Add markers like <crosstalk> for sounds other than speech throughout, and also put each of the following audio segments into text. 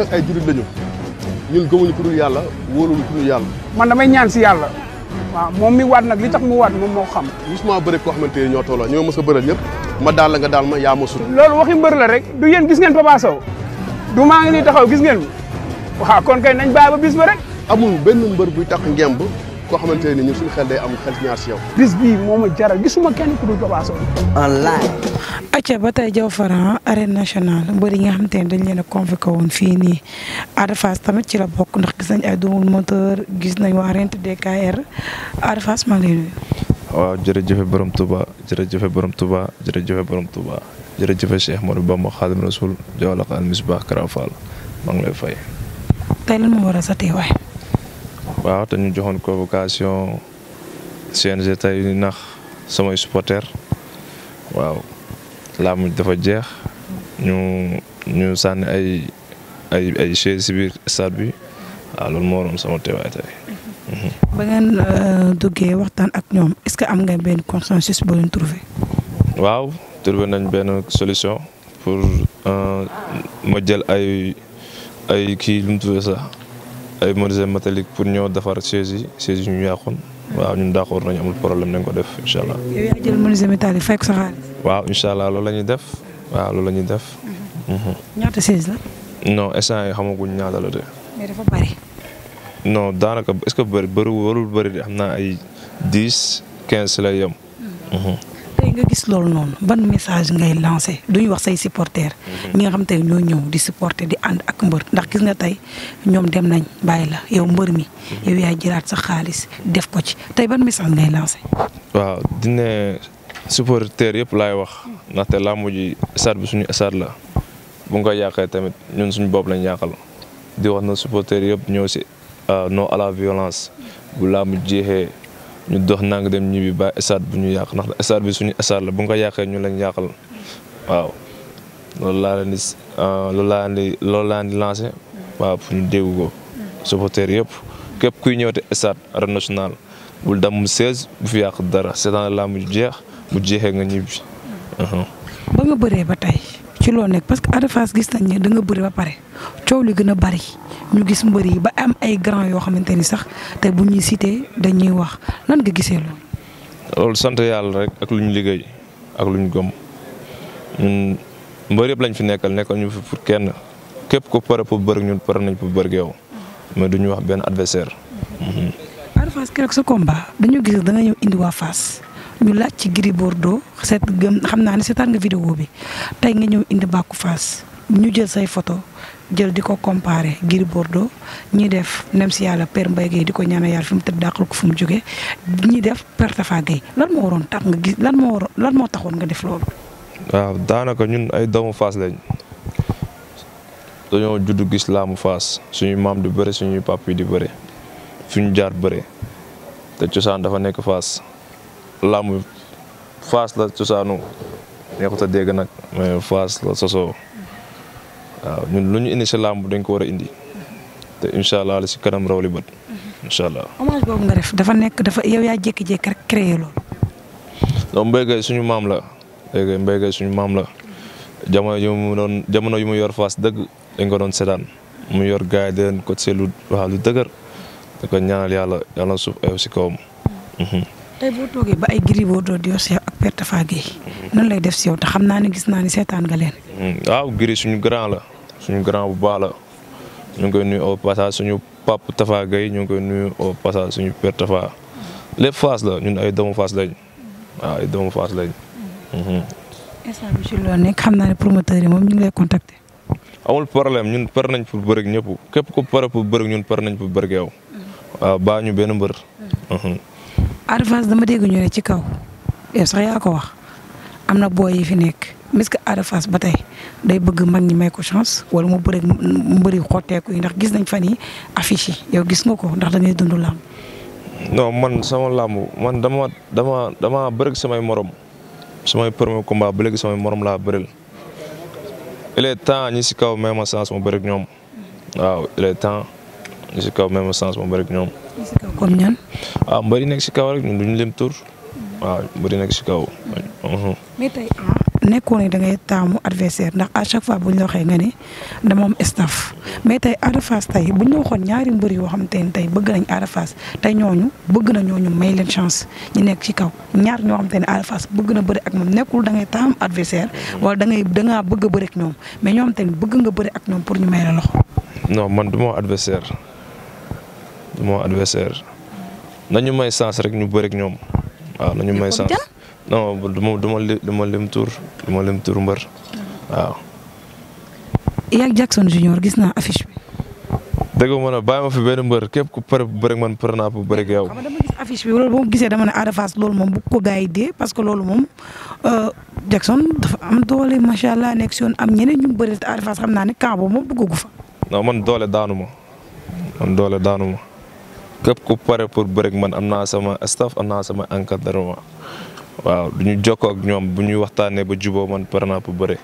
nag ay jullit lañu ñun gëmuñu ku dul yàlla wóoluñu ku dul yàlla. man damay ñaan si yàlla. waaw moom mi waat nag li tax mu waat moom moo xam. gisuma bëri koo xamante ne ñoo tolloo ñoo mës a bëral ñëpp ma daal la nga daal ma yaa ma sut. loolu waxi mbër la rek du yéen gis ngeen Papa Sow du maa ngi nii taxaw gis ngeen mi waaw kon kay nañ bàyyi ba bis ba rek. amul benn mbër buy tax ngemb koo xamante ne ñun suñu xel day am xel ñaar si yow. bis bii moo jara jaral gisuma kenn ku dul ba tey Diaw Franc arène nationale mbër yi nga xamante ne dañ leen a convoqué woon fii nii Ada tamit ci la bokk ndax gis nañ ay doomu moteur gis nañ waa Rent DKR Ada Fass maa ngi lay nuyu. waaw jërëjëf borom Touba jërëjëf borom Touba jërëjëf borom Touba jërëjëf Cheikh Modou Bamba Khadim Rasoul Diawla Al Misbah Kara Fall maa lay fay. tey lan moo sa teewaay. waaw te ñu joxoon convocation CNG tey nax samay supporter waaw làmb dafa jeex ñu ñu sànni ay ay ay chaise si biir stade bi waaw loolu moo waroon sama teewaay tey. Mhm. ba ngeen euh, duggee waxtaan ak ñoom est-ce que am nga benn consensus boo leen trouvé. waaw trouvé nañ benn solution pour euh, ma jël ay ay kii lu sax. ay menuisier métallique pour ñoo defar chaise yi chaise yi ñu yàqoon waaw ñun d'accord nañu amul problème nañ ko def incha allah. yow yaa jël sa waaw incha allah loolu la ñuy def waaw loolu la ñuy def. Mhm. ñaata chaise la. non yi xamaguñ ñaata la de. mais dafa bari. non daanaka est-ce que bëri bëri warul bëri de xam naa ay dix quinze lay yem. Hmm. Mhm. tey nga gis loolu noonu ban message ngay lancé duñu wax say supporters. Mhm. ñi nga xam tey ñoo ñëw di supporter di ànd ak mbër ndax gis nga tey ñoom dem nañ bàyyi la yow mbër mi. Mhm. yow yaay jëlaat sa xaalis def ko ci tey ban message ngay lancé. waaw dina supporters yëpp laay wax ndaxte làmb ji stade suñu stade la bu nga koy yàqee tamit ñun suñu bopp lañ yàqal di wax na supporters yëpp ñëw si euh, non à la violence bu làmb jeexee. ñu dox nang dem ñibbi ba stade bu ñu yàq ndax stade bi suñu stade la bu nga ko yàqee ñu lañ yàqal waaw loolu laa leen di euh, loolu laa waaw pour ñu dégg ko supporters yëpp képp kuy ñëwate stade arène national bul damm 16 bu fi yàq dara seetaan laa mu jeex mu jeexee nga ñibbi. Uh-huh. ba nga bëree ba tey ci loo nekk parce que Ada gis nañ ne da nga bëri ba pare coow li gën a bari. ñu gis mbër yi ba am ay grand yoo xamante ni sax te bu ñuy cité dañuy wax lan nga gisee loolu. loolu sant yàlla rek ak lu ñu liggéey ak lu ñu gëm ñun mbër yëpp lañ fi nekkal nekkal ñu fi pour kenn képp ku pare pour bëri ñun pare nañ pour bëri yow mais du ñu wax benn adversaire. Ada Fass keroog sa combat dañu gis da nga ñëw indi waa Fass ñu laaj ci Gris Bordeaux seet gëm xam naa ne seetaan nga vidéo bi tey nga ñëw indi bàkku Fass ñu jël say photo jël di ko comparé Gris Bordeaux ñi def nem si yàlla Père Mbaye Guèye di ko ñaanal yàlla fi mu tëdd dàqal ko fu mu jógee ñi def Père Tafa Guèye lan moo waroon tax nga gis lan moo taxoon nga def loolu. waaw daanaka ñun ay doomu Fass lañ dañoo judd gis laamu Fass suñuy maam di bari suñuy pap yi di bëre suñu jaar bari te cosaan dafa nekk Fass laamu Fass la cosaanu neexut a dégg nag mais Fass la sosoo. waaw ñun lu ñu indi si làmb dañ ko war a indi te incha allah li si kanam raw li bët incha allah. hommage boobu nga def dafa nekk dafa yow yaa jékki-jékki rek créé loolu. donc Mbaye Gueye suñu maam la Mbaye suñu maam la jamono yu mu doon jamono yu mu yor Fass dëgg dañ ko doon seddaan mu yor gars yi di leen ko seetlu waaw lu dëgër da ko ñaanal yàlla yàlla suuf ayof si kawam. tey boo toogee ba ay Gris Bordeaux di yor sa Père Tafa Gueye nan lay def si yow te xam naa ne gis naa ne seetaan nga leen. Hmm. waaw Gris suñu grand la suñu grand bu baax la ñu ngi koy nuy au passage suñu papa Tafa Gueye ñu koy nuy au suñu Père Tafa lépp Fass la ñun ay doomu Fass lañ waaw ay doomu Fass lañ. Hmm. instant bi xam naa ne promoteur yi moom ñu ngi lay contacter. problème ñun pare nañ pour bëreeg ñëpp képp ku pare pour bëreeg ñun pare nañ pour bëreeg yow. waaw baa ñu benn mbër. Ada Fass dama dégg ñu ne ci kaw. yow sax yaa ko wax am na booy yi fi nekk miska Ada Fass ba tey day bëgg mag ñi may ko chance wala mu bëri mu bëri xotteeku yi ndax gis nañ fan yi affiche gis nga ko ndax da ngay dund làmb. non man sama làmb dama dama dama bëri samay morom samay premier combat ba léegi samay morom laa bëril il temps ñi si kaw même sens mu bëri ñoom waaw il temps ñi si kaw même sens mu bëri ñoom. ñi si kaw comme ñan. ah mbëri lim tur. waaw bëri nag ci kaw. Mhm. mais ah, nekkoon da ngay taamu adversaire ndax à chaque fois bu ñu la waxee nga ne dama am staff mais tey Ada tey bu ñu la waxoon ñaari mbëri yoo xam te ne tey bëgg nañ Ada Fass tey ñooñu bëgg na ñooñu may leen chance ñu nekk ci kaw ñaar ñoo xam te ne Ada bëgg na bëri ak moom nekkul da ngay taamu adversaire mhm. wala da ngay da bëgg a bëri ak ñoom mais ñoo xam te bëgg nga bëri ak ñoom pour ñu may la loxo. non man du ma adversaire du ma adversaire nañu may chance rek ñu bëri ak ñoom. waaw nañu may sax non ma du ma du ma lim tur Jackson Junior gis naa affiche bi. dëgg ma ne bàyyi ma fi benn mbër képp ku pare bu bëri man pare naa bu bëri ak yow. loolu boo gisee dama ne Ada Fass loolu moom bu ko gars yi de parce que loolu moom euh, Jackson dafa am doole macha allah nekk si am ñeneen ñu mu bëri te Ada Fass xam naa ne camp boobu moom bëggu man doole daanu ma man doole ma. képp ku pare pour bëreeg man am naa sama staff am naa sama encadrement waaw du ñu jokkoo ñoom bu ñuy waxtaanee ba juboo man pare naa pour bëre.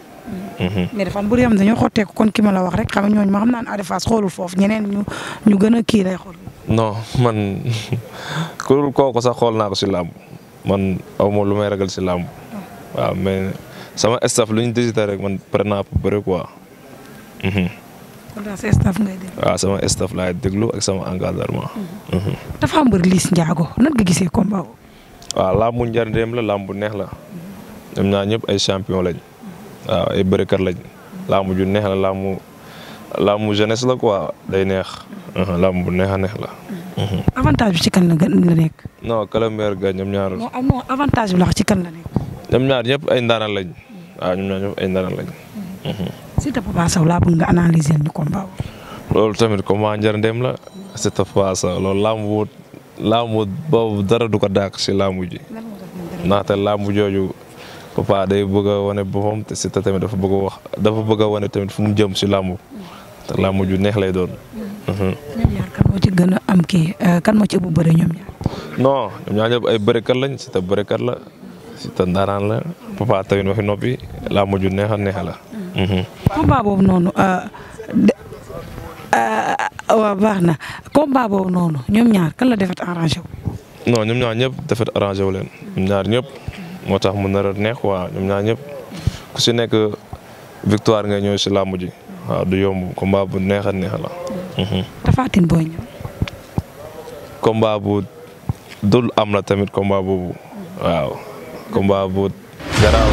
Mhm. mais dafa am bëri yoo xam dañoo kon ki ma la wax rek xam nga ma xam naan Ada Fass xoolul foofu ñeneen ñu ñu gën a kii lay xool. non man <laughs> ku kooku sax xool naa ko si làmb man aw ma lu may ragal si làmb oh. waaw mais sama staff lu ñu décidé rek man pare naa pour bëre quoi. Mhm. sama staff laay déglu ak sama engagement. Mhm. Mhm. dafa am bëri Liss Ndiago nan gisee combat waaw làmb bu la làmb bu neex la. ñoom ñaar ñëpp ay champion lañ. waaw ay bërekat lañ. làmb ju neex la làmb làmb jeunesse la ko day neex. Mhm, làmb bu neex a neex la. avantage bi ci kan la la nekk. non ñaar. non ah, ci kan ñaar ñëpp ay ndaanaan lañ. waaw ñoom ñaar ñëpp ay ndaanaan lañ. Siteu Papa Sow laa bëgg nga analyser ñu combat loolu tamit combat njër ndem la Siteu Papa Sow loolu làmb wu làmb boobu dara du ko si làmb ji ndaxte làmb jooju Papa day bëgg a wane boppam te Siteu tamit dafa bëgg a wax wane tamit fu mu jëm si làmb te làmb ju neex lay doon. Mm-hmm. ñoom ñaar kan moo gën am kii euh, kan moo ëpp bëre ñoom ñaar. non ñoom ñaar lañ Siteu bërekat la Siteu ndaanaan la neex la. Mhm. combat boobu noonu euh, euh, waaw baax na combat boobu noonu ñoom ñaar kan la defet arrangé wu. non ñoom ñaar ñëpp defet arrangé wu leen ñoom ñaar ñëpp moo tax mu nar a neex waa ñoom ñaar ñëpp ku si nekk victoire ngay ñëw si làmb ji waaw du yomb combat bu neex a neex la. Mhm. Tapha Tine Boy bu dul am la tamit combat boobu bu garaaw